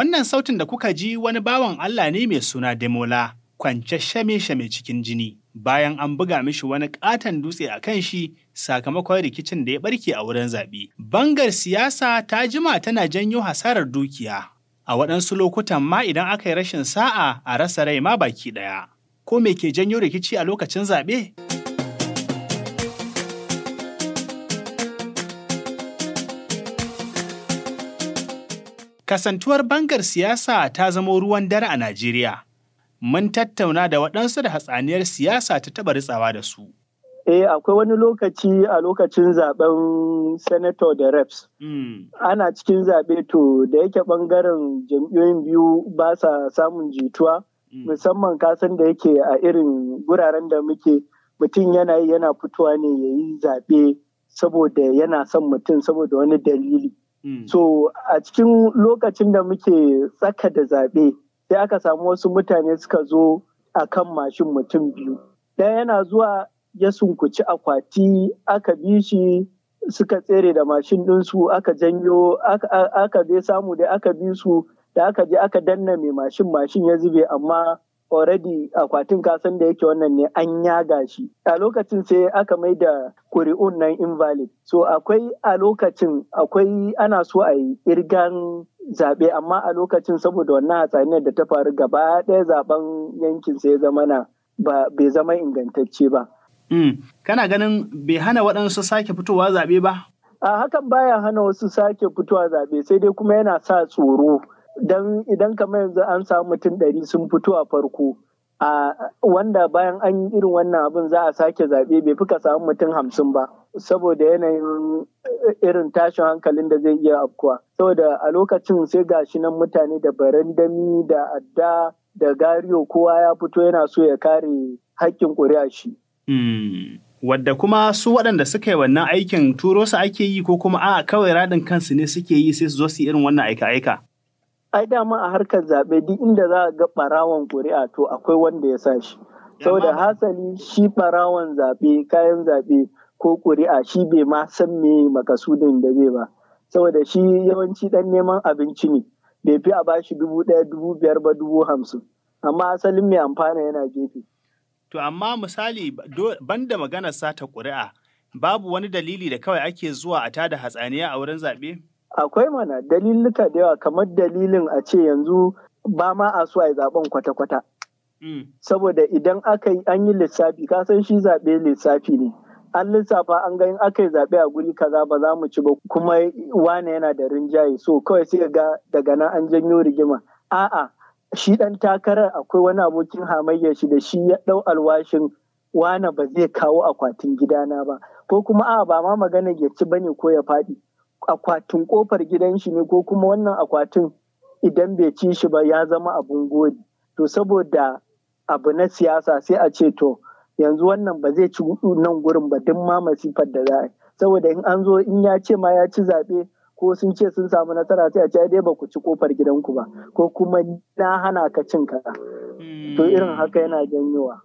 Wannan sautin da kuka ji wani bawan Allah ne mai suna Demola, kwance shame-shame cikin jini, bayan an buga mishi wani ƙaton dutse a kan shi sakamakon rikicin da ya barke a wurin zaɓe. Bangar siyasa ta jima tana janyo hasarar dukiya, a waɗansu lokutan ma idan aka yi rashin sa'a a rasa rai ma baki ɗaya. Ko me ke janyo rikici a lokacin zaɓe? Kasantuwar bangar siyasa ta zamo ruwan dare a Najeriya. Mun tattauna da waɗansu da hatsaniyar siyasa ta taɓa ritsawa da su. Eh akwai wani lokaci a lokacin zaben senator da reps. Hmm. Ana cikin zaɓe to da yake ɓangaren jam'iyyoyin biyu ba sa samun jituwa. Hmm. Musamman kasan da yake a irin guraren da muke mutum yana yi yana fitowa ne ya yi zaɓe saboda yana son mutum saboda wani dalili. Mm. So a cikin lokacin da muke tsaka da zaɓe sai aka samu wasu mutane suka zo a kan mashin mutum biyu. Ɗaya yana zuwa ya sunkuci akwati aka bi shi suka tsere da mashin ɗinsu aka janyo aka dai samu da aka bi su da aka je aka danna mai mashin mashin ya zube amma already akwatin kasan da yake wannan ne an yaga shi a lokacin sai aka mai da kuri'un nan invalid so akwai a lokacin akwai ana so a yi irgan zaɓe amma a lokacin saboda wannan hatsaniyar da ta faru gaba ɗaya zaben yankin sai zama na ba bai zama ingantacce ba. Hmm. Kana ganin bai hana waɗansu sake fitowa zaɓe ba? A hakan baya hana wasu sake fitowa zaɓe sai dai kuma yana sa tsoro. don idan kamar yanzu an samu mutum ɗari sun fito a farko a wanda bayan an yi irin wannan abin za a sake zaɓe bai fi ka samu mutum hamsin ba saboda yanayin eh, irin tashin hankalin da zai iya afkuwa saboda a lokacin sai gashi nan mutane da barandami da adda da gariyo kowa ya fito yana so ya kare haƙƙin ƙuri'a shi. Hmm. Wadda kuma su waɗanda suka yi wannan aikin turo su ake yi ko kuma a kawai raɗin kansu ne suke yi sai su zo su irin wannan aika-aika. ai dama a harkar zaɓe duk inda za a ga ɓarawon ƙuri'a to akwai wanda ya sa shi saboda hasali shi ɓarawon zaɓe kayan zaɓe ko ƙuri'a shi bai ma san me makasudin da zai ba saboda shi yawanci ɗan neman abinci ne bai fi a bashi dubu ɗaya dubu biyar ba dubu hamsin amma asalin mai amfana yana gefe. To amma misali banda maganar sata ƙuri'a babu wani dalili da kawai ake zuwa a tada hatsaniya a wurin zaɓe? Akwai mana dalilika da yawa kamar dalilin a ce yanzu ba ma a so a yi zaben kwata-kwata. Mm. Saboda idan aka yi an yi lissafi, kasan shi zaɓe lissafi ne. An lissafa an ga in aka yi zaɓe a guri kaza ba za mu ci ba kuma wane yana da rinjaye so kawai sai ga daga nan an janyo rigima. A'a, shi ɗan takarar akwai wani abokin hamayya shi da shi ya ɗau alwashin wane ba zai kawo akwatin gidana ba ko kuma a'a ba ma magana ya ci bane ko ya faɗi akwatin kofar gidan shi ne ko kuma wannan akwatin idan bai ci shi ba ya zama abun gori to saboda abu na siyasa sai a ce to yanzu wannan ba zai ci nan gurin ba duk ma masifar da za a saboda in an zo in ya ce ma ya ci zaɓe ko sun ce sun samu nasara sai a ce dai ba ku ci kofar gidanku ba ko kuma na hana ka cin kaza to irin haka yana janyowa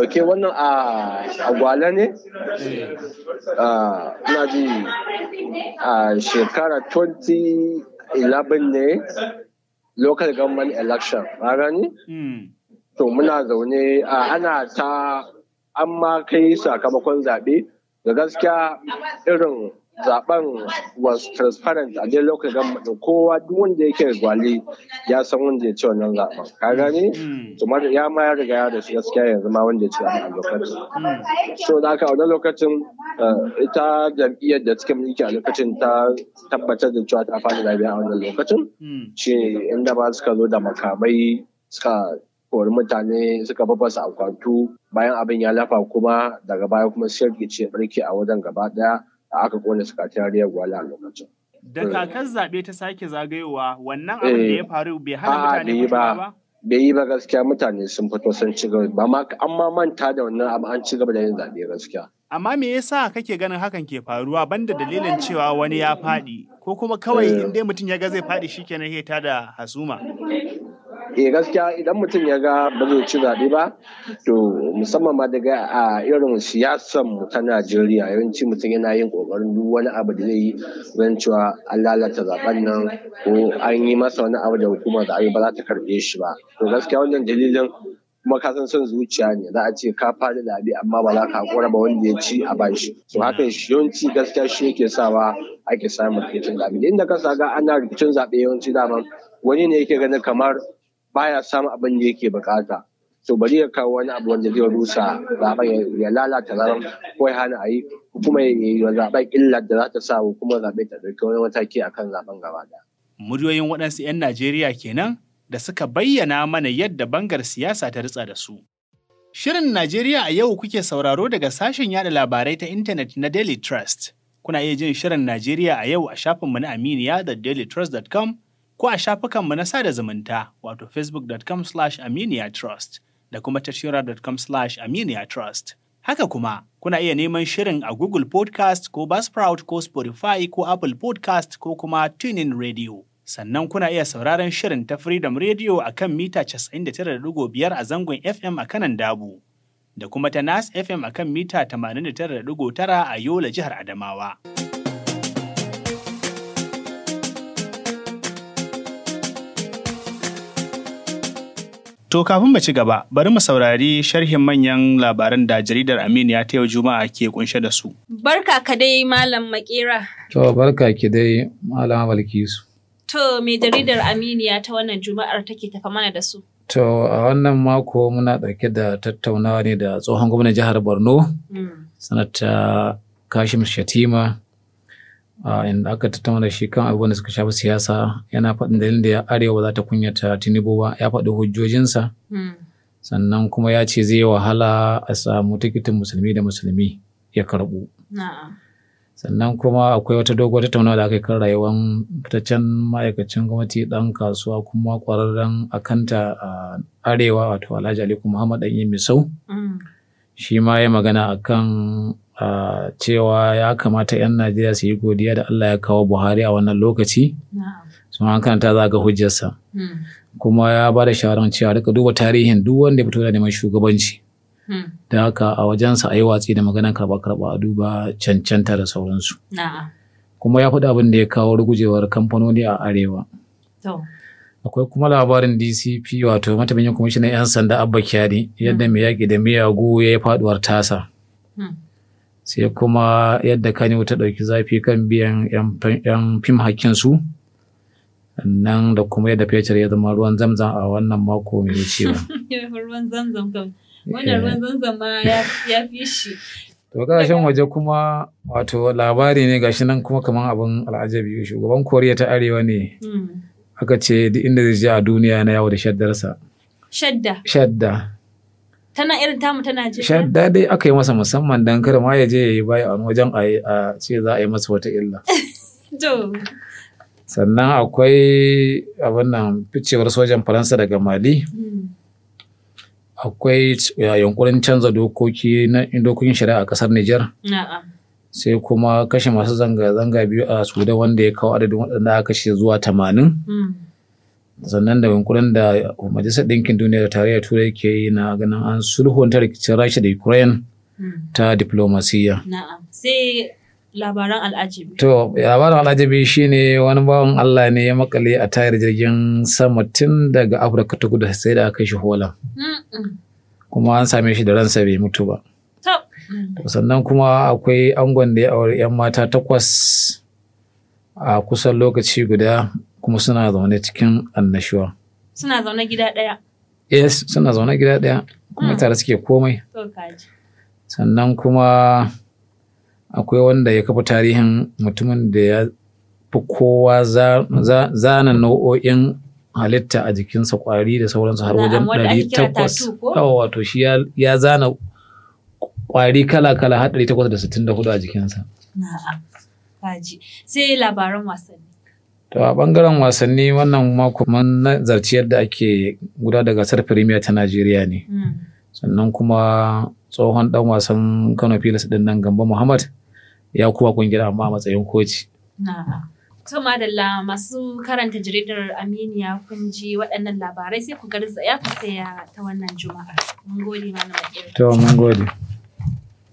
ok wannan a ah, agwala ne eh. ah, na ji a ah, shekara 2011 ne local government election a gani hmm. to muna zaune a ana ta an ma kai sakamakon zaɓe da gaskiya irin zaben was transparent a dai lokacin da kowa duk wanda yake gwali ya san wanda ya ci wannan zaben ka gani mm. to ya ma ya riga ya da shi gaskiya yanzu ma wanda ya ci a lokacin mm. so da haka a lokacin eh, ita jam'iyyar da cikin mulki a lokacin ta tabbatar da cewa ta fara zabe a wannan lokacin mm. shi inda ba suka zo da makamai suka kori mutane suka fafasa akwatu bayan abin ya lafa kuma daga baya kuma sai ce birki a wajen gaba daya da aka kone sakatariyar gwale a lokacin. Da eh. kakar zaɓe ta sake zagayowa wannan abin eh. da ya faru bai hana mutane ba. Bai yi ba gaskiya mutane sun fito sun ci gaba ba ma manta da wannan abu an ci gaba da yin zaɓe gaskiya. Amma me yasa kake ganin hakan ke faruwa banda dalilin eh. cewa wani ya faɗi ko kuma kawai in dai mutum ya ga zai faɗi shi ke shikenan ya da hasuma. eh gaskiya idan mutum ya ga ba zai ci zaɓe ba to musamman ma daga a irin siyasar mu ta Najeriya yawanci mutum yana yin kokarin duk wani abu da zai yi zan cewa an lalata zaben nan ko an yi masa wani abu da hukumar da ba za ta karɓe shi ba to gaskiya wannan dalilin kuma ka san son zuciya ne za a ce ka da zaɓe amma ba za ka hakura ba wanda ya ci a bashi to haka yawanci gaskiya shi yake sawa ake samun rikicin zaɓe inda ka saga ana rikicin zaɓe yawanci daman wani ne yake ganin kamar baya samun abin da yake bukata so bari ya kawo wani abu wanda zai rusa zaben ya lalata zaben ko ya hana a yi kuma ya yi wa illar da za ta sa kuma zaɓe ta ɗauki wani mataki akan zaɓen gaba da. muryoyin waɗansu 'yan najeriya kenan da suka bayyana mana yadda bangar siyasa ta ritsa da su. Shirin Najeriya a yau kuke sauraro daga sashen yada labarai ta intanet na Daily Trust. Kuna iya jin Shirin Najeriya a yau a shafinmu na Aminiya da dailytrust.com ko a shafukanmu na sada zumunta wato facebook.com trust da kuma tashiracom trust Haka kuma, kuna iya neman shirin a Google Podcast ko Buzzsprout ko Spotify ko Apple Podcast ko kuma TuneIn Radio. Sannan kuna iya sauraron shirin ta Freedom Radio a kan mita 99.5 a zangon FM a kanan Dabu, da kuma ta Nas FM a kan mita 89.9 a Yola jihar Adamawa. To kafin mu ci gaba, bari mu saurari sharhin manyan labaran da jaridar Aminiya ta yau Juma'a ke kunshe da su. Barka ka dai Malam Makera. To barka ki dai Malam Balkisu. To me jaridar Aminiya ta wannan Juma'ar take tafa mana da su? To a wannan mako muna ɗauke da tattaunawa ne da tsohon gwamnan jihar Borno, hmm. sanata Kashim Shatima Uh, inda aka tattauna shi kan abubuwan da suka shafi siyasa yana faɗin dalilin da arewa ba za ta kunyata tinubu ba ya faɗi hujjojinsa hmm. sannan kuma ya ce zai wahala a samu tikitin musulmi da musulmi ya karɓu sannan kuma akwai wata doguwar tattaunawa da aka yi kan rayuwar fitaccen ma'aikacin gwamnati dan kasuwa kuma ƙwararren akanta a arewa wato alhaji aliku muhammad ɗan yi misau hmm. shi ma ya magana akan A cewa ya kamata 'yan Najeriya su yi godiya da Allah ya kawo Buhari a wannan lokaci. Sun an ta za ga hujjarsa. Hmm. Kuma ya ba da shawarar cewa duka duba tarihin duk wanda ya fito da neman shugabanci. Hmm. Da haka a wajensa a yi watsi da maganar karɓa-karɓa a duba cancanta da sauransu. Kuma ya faɗi abin da ya kawo rugujewar kamfanoni a Arewa. akwai kuma labarin dcp wato mataimakin kwamishinan 'yan sanda abba kyari yadda hmm. mai yaƙi da miyagu ya yi faduwar tasa sai kuma yadda kanewu ta ɗauki zafi kan biyan 'yan fim hakkinsu nan da kuma yadda fetur ya zama ruwan zamzam a wannan mako mai wucewa. ruwan zamzam kam eh. wannan ruwan zamzam ma ya fi shi. To kasashen waje kuma wato labari ne gashi nan kuma kamar abin al'ajabi shugaban Koriya ta Arewa ne. Hmm. Aka ce duk inda zai je a duniya na yawo da shaddarsa. Shadda. Shadda. tana irin tamu tana dai aka yi masa musamman dan kada ma ya je ya yi baya a wajen a ce za a yi masa wata illa sannan akwai abin nan ficewar sojan faransa daga mali hmm. akwai yunkurin canza dokoki na dokokin shari'a a kasar niger sai kuma kashe masu zanga-zanga biyu a sudan wanda ya kawo adadin waɗanda aka kashe zuwa tamanin. Hmm. sannan da yunkurin da majalisar ɗinkin duniya da tarayyar turai ke yi na ganin an sulhunta rikicin rasha da ukraine hmm. ta diplomasiya sai labaran al'ajabi to labaran shine wani bawan allah ne ya makale a tayar jirgin sama tun daga afirka ta gudu sai da aka shi hola kuma an same shi da ransa bai mutu ba sannan kuma akwai angon da ya aure 'yan mata takwas a kusan lokaci guda kuma suna zaune cikin annashuwa. Suna zaune gida ɗaya. Yes, suna zaune gida ɗaya kuma ah. tare suke komai. Sannan kuma akwai wanda ya kafa tarihin mutumin da ya fi kowa zana nau'o'in halitta a jikinsa kwari da sauransu har wajen ɗari takwas. wato shi ya zana kwari kala-kala har ɗari takwas da sittin da hudu a jikinsa. Na'am, kaji. Sai labaran wasanni. To a ɓangaren wasanni wannan mako mun zarci yadda ake guda da gasar Firimiya ta Najeriya ne. Hmm. Sannan kuma tsohon ɗan wasan Kano Filis ɗin nan Gambo Muhammad ya kuwa kungiyar amma a matsayin koci. To madalla masu karanta jaridar Aminiya kun ji waɗannan labarai sai ku garzaya ku saya ta wannan juma'a. Mun gode malam. To mun gode.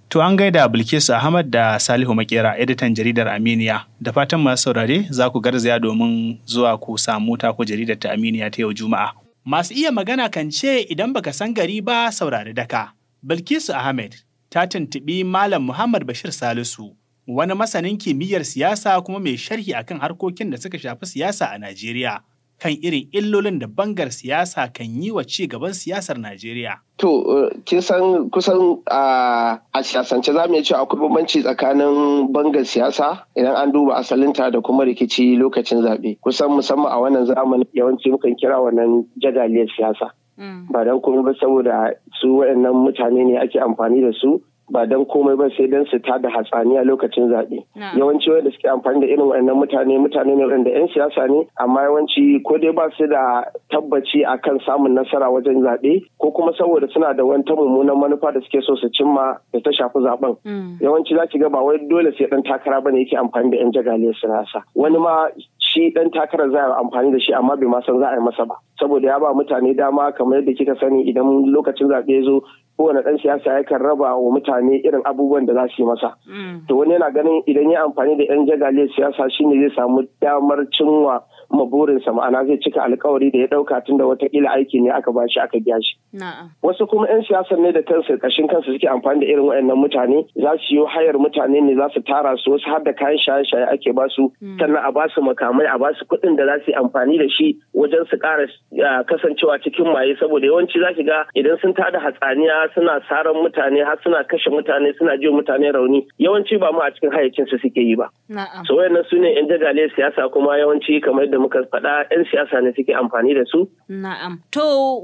To an gaida Bilkisu Ahmad da Salihu Makera, editan jaridar Aminiya. Da fatan masu saurare za ku garzaya domin zuwa ku samu ta ku jaridar ta Aminiya ta yau Juma'a. Masu iya magana kan ce idan baka san gari ba saurari daka. Bilkisu Ahmed ta tuntubi Malam Muhammad Bashir Salisu, wani masanin kimiyyar siyasa kuma mai sharhi akan harkokin da suka shafi siyasa a Najeriya. kan irin illolin da bangar siyasa kan yi wa ci gaban siyasar Najeriya. To, kin san kusan a siyasance za mu iya cewa akwai bambanci tsakanin bangar siyasa idan an duba asalinta da kuma rikici lokacin zaɓe. Kusan musamman a wannan zamanin yawanci mukan kira wannan jagaliyar siyasa. Mm. Ba don kuma ba saboda su waɗannan mutane ne ake amfani da su ba don komai ba sai don su tada hatsaniya lokacin zaɓe. Yawanci wanda suke amfani da irin wannan mutane mutane ne wanda 'yan siyasa ne amma yawanci ko dai ba su da tabbaci akan samun nasara wajen zaɓe ko kuma saboda suna da wata mummunan manufa da suke so su cimma da ta shafi zaben. Mm. Yawanci za ki ga ba wai dole sai dan takara ba ne yake amfani da 'yan jagaliyar siyasa. Wani ma shi dan takara za a amfani da shi amma bai ma san za a yi masa ba saboda ya ba mutane dama kamar yadda kika sani idan lokacin zaɓe ya zo kowane ɗan siyasa ya kan raba wa mutane irin abubuwan da za su yi masa. Mm. To wani yana ganin idan ya amfani da 'yan jagale siyasa shine zai samu damar cinwa maburinsa ma'ana zai cika alkawari da ya ɗauka tun da watakila aiki ne aka bashi aka biya shi. Wasu kuma 'yan siyasar ne da kansu ƙashin kansu suke amfani da irin waɗannan mutane za su yi hayar mutane ne za su tara su wasu har da kayan shaye-shaye ake ba su mm. sannan a ba su makamai a ba su kuɗin da za su yi amfani da shi wajen su ƙara ah, kasancewa cikin maye saboda yawanci za ki ga idan sun tada hatsaniya suna saran mutane har suna kashe mutane suna jiwa mutane rauni yawanci ba mu a cikin hayyacin su suke yi ba so wayannan su ne yan jagale siyasa kuma yawanci kamar da muka faɗa yan siyasa ne suke amfani da su na'am to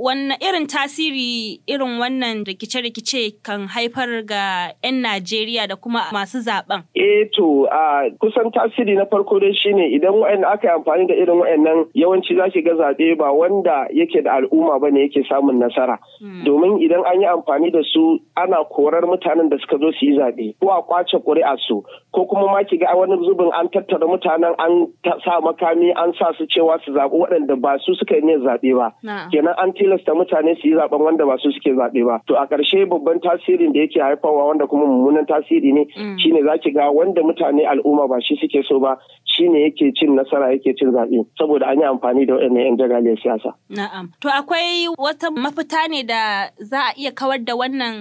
wannan irin tasiri irin wannan rikice-rikice kan haifar ga yan Najeriya da kuma masu zaben eh to a kusan tasiri na farko dai shine idan wayan aka yi amfani da irin wayannan yawanci za ki ga zabe ba wanda yake da al'umma bane yake samun nasara hmm. domin idan an yi amfani amfani da su ana korar mutanen da suka zo su yi zaɓe ko a kwace ƙuri'a su ko kuma ma ki ga wani zubin an tattara mutanen an sa makami an sa su cewa su zaɓi waɗanda ba su suka yi zaɓe ba kenan an tilasta mutane su yi zaɓen wanda ba su suke zaɓe ba to a ƙarshe babban tasirin da yake haifarwa wanda kuma mummunan tasiri ne mm. shine ki ga wanda mutane al'umma ba shi suke so ba shine yake cin nasara yake cin zaɓe saboda an yi amfani da waɗannan 'yan jagaliyar siyasa. Na'am. To akwai wata mafita ne da za a iya kawar da wannan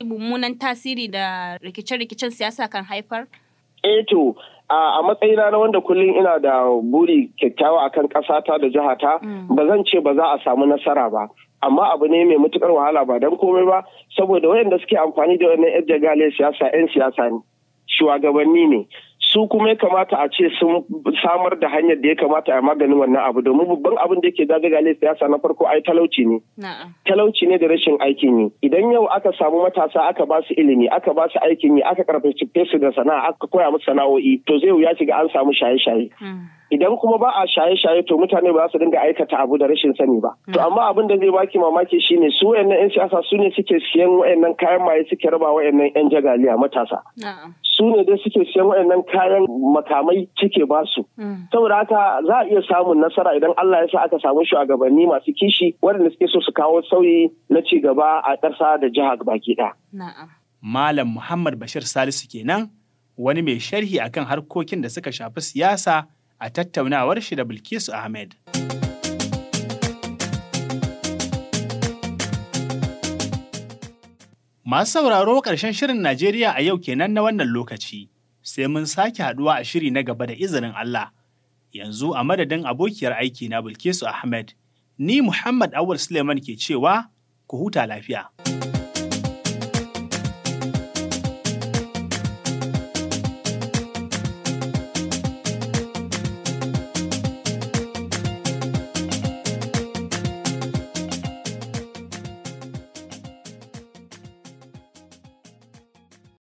mummunan tasiri da rikice-rikicen siyasa kan haifar? E, eh Eto, a matsayina na wanda kullum ina da buri kyakkyawa akan ƙasata da jihata, mm. ba zan ce ba za a samu nasara ba. amma abu ne mai matukar wahala ba don komai ba saboda wayanda suke amfani da wannan yan jagale siyasa yan siyasa ne shugabanni ne su kuma ya kamata a ce sun samar da hanyar da ya kamata a maganin wannan abu domin babban abin da yake ne siyasa na farko ai talauci ne talauci ne da rashin aikin yi idan yau aka samu matasa aka ba su ilimi aka ba su aikin yi aka karfafa su da sana'a aka koya musu sana'o'i to zai wuya shiga an samu shaye-shaye hmm. idan kuma ba a shaye-shaye to mutane ba su dinga aikata abu da rashin sani ba hmm. to amma abin da zai baki mamaki shine su wayannan yan siyasa su ne suke siyan wayannan kayan maye suke raba wayannan yan jagaliya matasa su ne dai suke siyan wayannan kayan makamai cike ba su hmm. saboda haka za a iya samun nasara idan Allah ya sa aka samu shugabanni masu kishi waɗanda suke so su kawo sauyi na ci gaba a ƙarsa da jiha baki ɗaya Malam Muhammad Bashir Salisu kenan wani mai sharhi akan harkokin da suka shafi siyasa a tattaunawar shi da Bilkisu Ahmed. Masu sauraro ƙarshen shirin Najeriya a yau kenan na wannan lokaci, sai mun sake haɗuwa a shiri na gaba da izinin Allah. Yanzu a madadin abokiyar aiki na Bilkisu Ahmed, ni Muhammad Awul Suleiman ke cewa ku huta lafiya.